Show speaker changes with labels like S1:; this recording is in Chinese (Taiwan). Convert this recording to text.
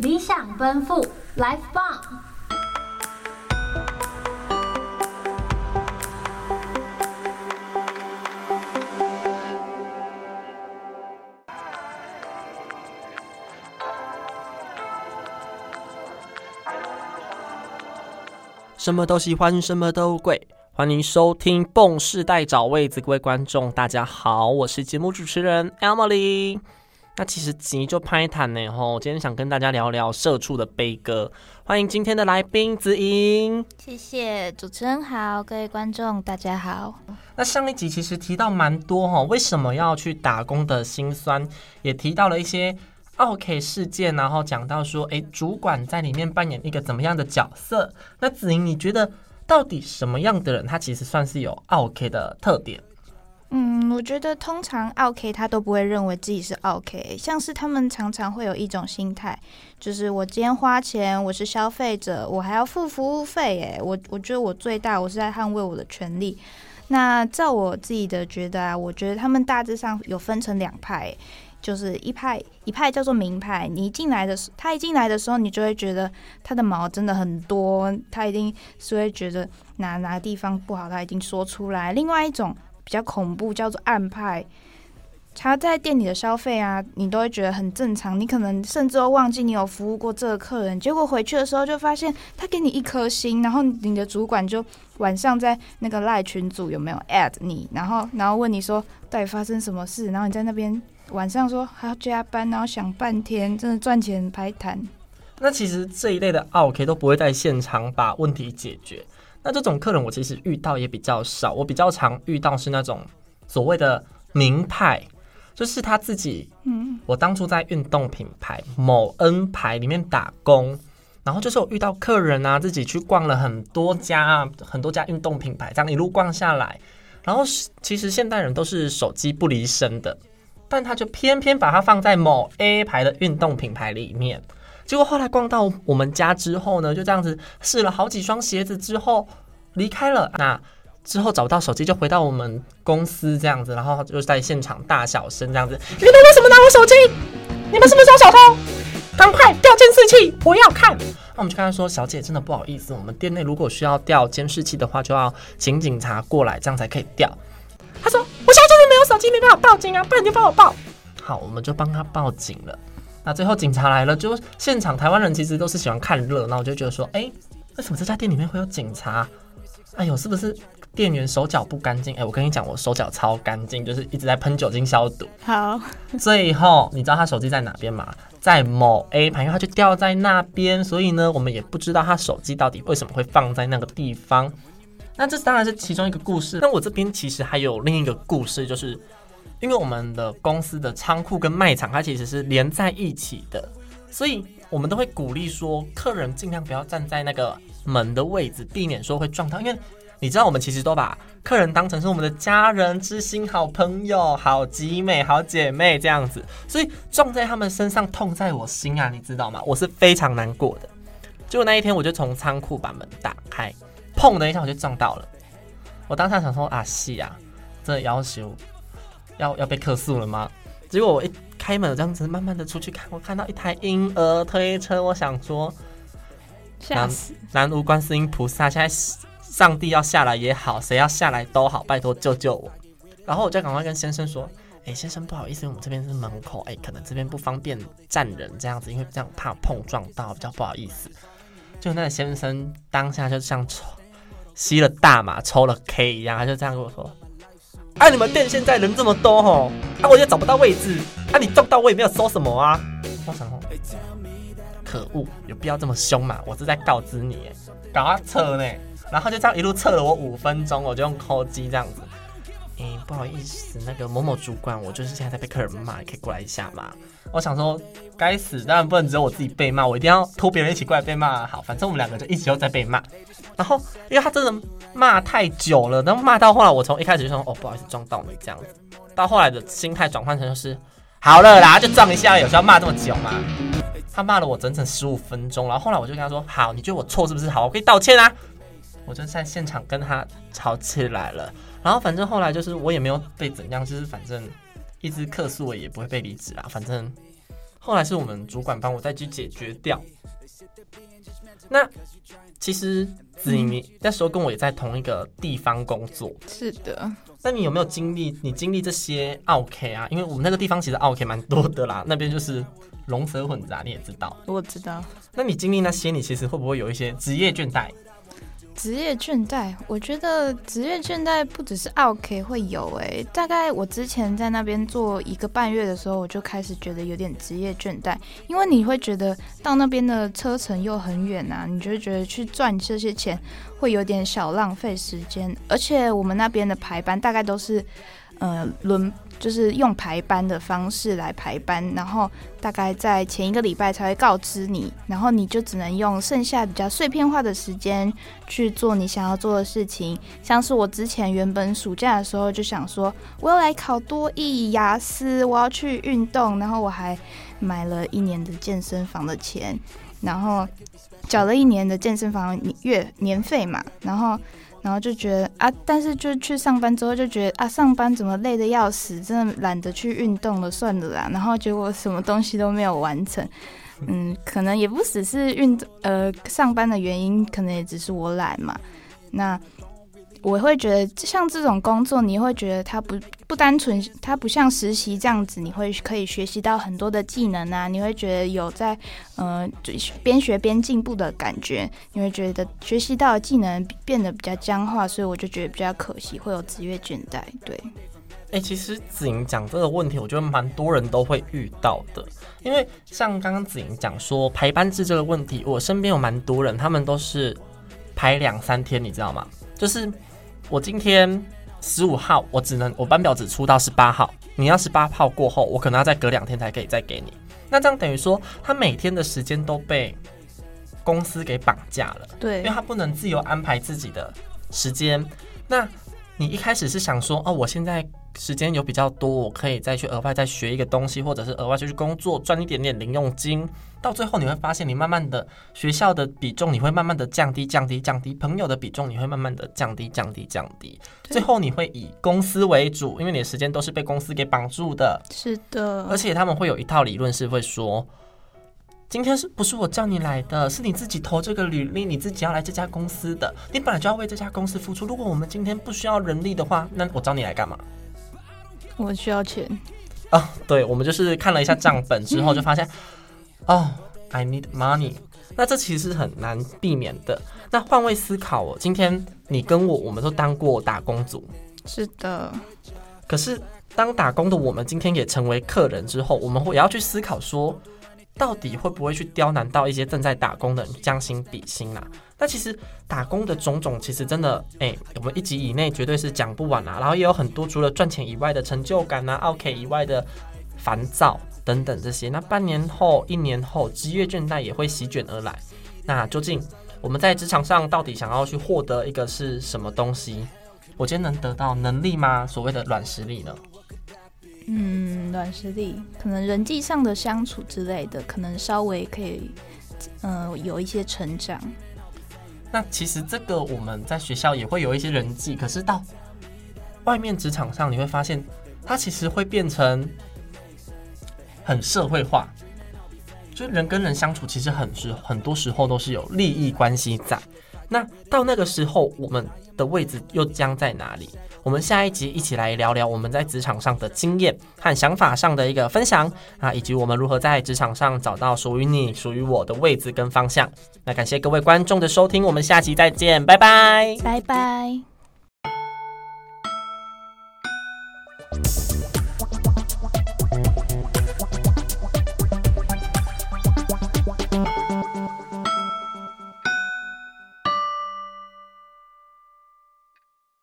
S1: 理想奔赴，Life 棒。
S2: 什麼都喜歡，什麼都貴。歡迎收聽《Boom 世代找位子》，各位觀眾，大家好，我是節目主持人 Emily。那其實集就拍談了哈，我今天想跟大家聊聊社畜的悲歌。歡迎今天的來賓子瑩，
S1: 謝謝主持人好，各位觀眾大家好。
S2: 那上一集其實提到蠻多哈，為什麼要去打工的辛酸，也提到了一些奧客事件，然後講到說，哎，主管在裡面扮演一個怎麼樣的角色？那子瑩，你覺得到底什麼樣的人，他其實算是有奧客的特點？
S1: 嗯，我覺得通常奧客，他都不會認為自己是奧客。像是他們常常會有一種心態，就是我今天花錢，我是消費者，我還要付服務費。誒，我我覺得我最大，我是在捍衛我的權利。那照我自己的覺得啊，我覺得他們大致上有分成兩派，就是一派一派叫做明派。你一進來的時候，他一進來的時候，你就會覺得他的毛真的很多，他一定是會覺得哪哪個地方不好，他已經說出來。另外一種。比較恐怖，叫做暗派。他在店裡的消費啊，你都會覺得很正常，你可能甚至都忘記你有服務過這個客人。結果回去的時候，就發現他給你一顆星，然後你的主管就晚上在那個賴群組有沒有 add 你，然後然後問你說到底發生什麼事，然後你在那邊晚上說還要加班，然後想半天，真的賺錢歹趁。
S2: 那其實這一類的奧客都不會在現場把問題解決。那這種客人我其實遇到也比較少，我比較常遇到是那種所謂的名牌，就是他自己，嗯，我當初在運動品牌某 N 牌裡面打工，然後就是我遇到客人啊，自己去逛了很多家啊，很多家運動品牌，這樣一路逛下來，然後其實現代人都是手機不離身的，但他就偏偏把它放在某 A 牌的運動品牌裡面。結果後來逛到我們家之後呢，就這樣子試了好幾雙鞋子之後離開了。那之後找不到手機，就回到我們公司這樣子，然後就在現場大小聲這樣子：“你們為什麼拿我手機？你們是不是小偷？趕快調監視器！我要看。啊”那我們就跟他說：“小姐，真的不好意思，我們店內如果需要調監視器的話，就要請警察過來，這樣才可以調。”
S1: 他說：“我現在
S2: 就是沒有手機，沒辦法報警啊，不然你就幫我報。”好，我們就幫他報警了。那最後警察來了，就現場台灣人其實都是喜歡看熱鬧，那我就覺得說，哎、欸，為什麼這家店裡面會有警察？哎呦，是不是店員手腳不乾淨？哎、欸，我跟你講，我手腳超乾淨，就是一直在噴酒精消毒。好，最後你知道他手機在哪邊嗎？在某 A 盤，因為他就掉在那邊，所以呢，我們也不知道他手機到底為什麼會放在那個地方。那這當然是其中一個故事。那我這邊其實還有另一個故事，就是。因為我們的公司的倉庫跟賣場它其實是連在一起的，所以我們都會鼓勵說，客人盡量不要站在那個門的位置，避免說會撞到。因為你知道，我們其實都把客人當成是我們的家人、知心好朋友、好集美、好姐妹這樣子，所以撞在他們身上，痛在我心啊，你知道嗎？我是非常難過的。結果那一天，我就從倉庫把門打開，砰的一下我就撞到了。我當下想說啊，是啊，這要求，要要被客訴了嗎？結果我一開門，這樣子慢慢的出去看，我看到一台嬰兒推車，我想說南，南嚇死南無觀世音菩薩，現在上帝要下來也好，誰要下來都好，拜託救救我！然後我就趕快跟先生說，哎、欸，先生不好意思，我們這邊是門口，哎、欸，可能這邊不方便站人這樣子，因為這樣怕碰撞到，比較不好意思。就那先生當下就像抽吸了大麻、抽了 K 一樣，他就這樣跟我說。哎、啊，你們店現在人這麼多吼，啊，我就找不到位置。啊，你撞到我也沒有說什麼啊。我想說什麼？可惡，有必要這麼兇嗎？我是在告知你、欸，趕快撤呢。然後就這樣一路撤了我五分鐘，我就用 call 機這樣子。哎、欸，不好意思，那個某某主管，我就是現在在被客人罵，可以過來一下嗎？我想說，該死，當然不能只有我自己被罵，我一定要拖別人一起過來被罵。好，反正我們兩個就一直都在被罵。然後，因為他真的罵太久了，然後罵到後來，我從一開始就說，哦，不好意思，撞到你這樣子，到後來的心態轉換成就是，好了啦，就撞一下，有時候要罵這麼久嘛，他罵了我整整十五分鐘，然後後來我就跟他說，好，你覺得我錯是不是？好，我可以道歉啊。我就在現場跟他吵起來了。然後反正後來就是我也沒有被怎樣，就是反正一直客訴我也不會被離職啦。反正後來是我們主管幫我再去解決掉。那其實子瑩那、嗯、時候跟我也在同一個地方工作。是的。那你有沒有經歷你經歷這些奧客啊？因為我們那個地方其實奧客蠻多的啦，那邊就是龍蛇混雜，啊，你也知道。
S1: 我知道。
S2: 那你經歷那些，你其實會不會有一些職業倦怠？
S1: 職業倦怠，我覺得職業倦怠不只是奧客會有誒、欸，大概我之前在那邊做一個半月的時候，我就開始覺得有點職業倦怠，因為你會覺得到那邊的車程又很遠啊，你就覺得去賺這些錢會有點小浪費時間，而且我們那邊的排班大概都是。呃，輪就是用排班的方式來排班，然後大概在前一個禮拜才會告知你，然後你就只能用剩下比較碎片化的時間去做你想要做的事情。像是我之前原本暑假的時候就想說，我要來考多益雅思，我要去運動，然後我還買了一年的健身房的錢，然後繳了一年的健身房月年費嘛，然後。然後就覺得啊，但是就去上班之後就覺得啊，上班怎麼累得要死，真的懶得去運動了，算了啦。然後結果什麼東西都沒有完成，嗯，可能也不只是運動呃，上班的原因，可能也只是我懶嘛。那。我會覺得像這種工作，你會覺得它不不單純，它不像實習這樣子，你會可以學習到很多的技能啊，你會覺得有在呃邊學邊進步的感覺，你會覺得學習到的技能變得比較僵化，所以我就覺得比較可惜會有職業倦怠。對，
S2: 哎、欸，其實子瑩講這個問題，我覺得蠻多人都會遇到的，
S1: 因為像
S2: 剛剛子瑩講說排班制這個問題，我身邊有蠻多人，他們都是排兩三天，你知道嗎？就是。我今天十五號，我只能我班表只出到十八號。你要十八號過後，我可能要再隔兩天才可以再給你。那這樣等於說，他每天的時間都被公司給綁架了，對，因為他不能自由安排自己的時間。那你一開始是想說，哦，我現在時間有比較多，我可以再去額外再學一個東西，或者是額外去去工作賺一點點零用金。到最後你會發現，你慢慢的學校的比重你會慢慢的降低降低降低，朋友的比重你會慢慢的降低降低降低，降低對最後你會以公司為主，因為你的時間都是被公司給綁住的。
S1: 是的，而
S2: 且他們會有一套理論是會說。今天是不是我叫你來的？是你自己投這個履歷，你自己要來這家公司的。你本來就要為這家公司付出。如果我們今天不需要人力的話，那我找你來幹嘛？
S1: 我需要錢。
S2: 哦。對，我們就是看了一下賬本之後，就發現，嗯、哦，I need money。那這其實是很難避免的。那換位思考，哦，今天你跟我，我們都當過打工族。是的。可是當打工的我們，今天也成為客人之後，我們會也要去思考說。到底會不會去刁難到一些正在打工的人？將心比心啦、啊。那其實打工的種種，其實真的，誒、欸，我們一集以內絕對是講不完啦、啊。然後也有很多除了賺錢以外的成就感啊，奧客以外的煩躁等等這些。那半年後、一年後，職業倦怠也會席卷而來。那究竟我們在職場上到底想要去獲得一個是什麼東西？我今天能得到能力嗎？所謂的軟實力呢？
S1: 嗯，軟實力可能人際上的相處之類的，可能稍微可以，嗯、呃，有一些成長。
S2: 那其實這個我們在學校也會有一些人際，可是到外面職場上，你會發現它其實會變成很社會化，就人跟人相處其實很是很多時候都是有利益關係在。那到那個時候，我們。的位置又將在哪裡？我們下一集一起來聊聊我們在職場上的經驗和想法上的一個分享啊，以及我們如何在職場上找到屬於你、屬於我的位置跟方向。那感謝各位觀眾的收聽，我們下期再見，拜拜，
S1: 拜拜。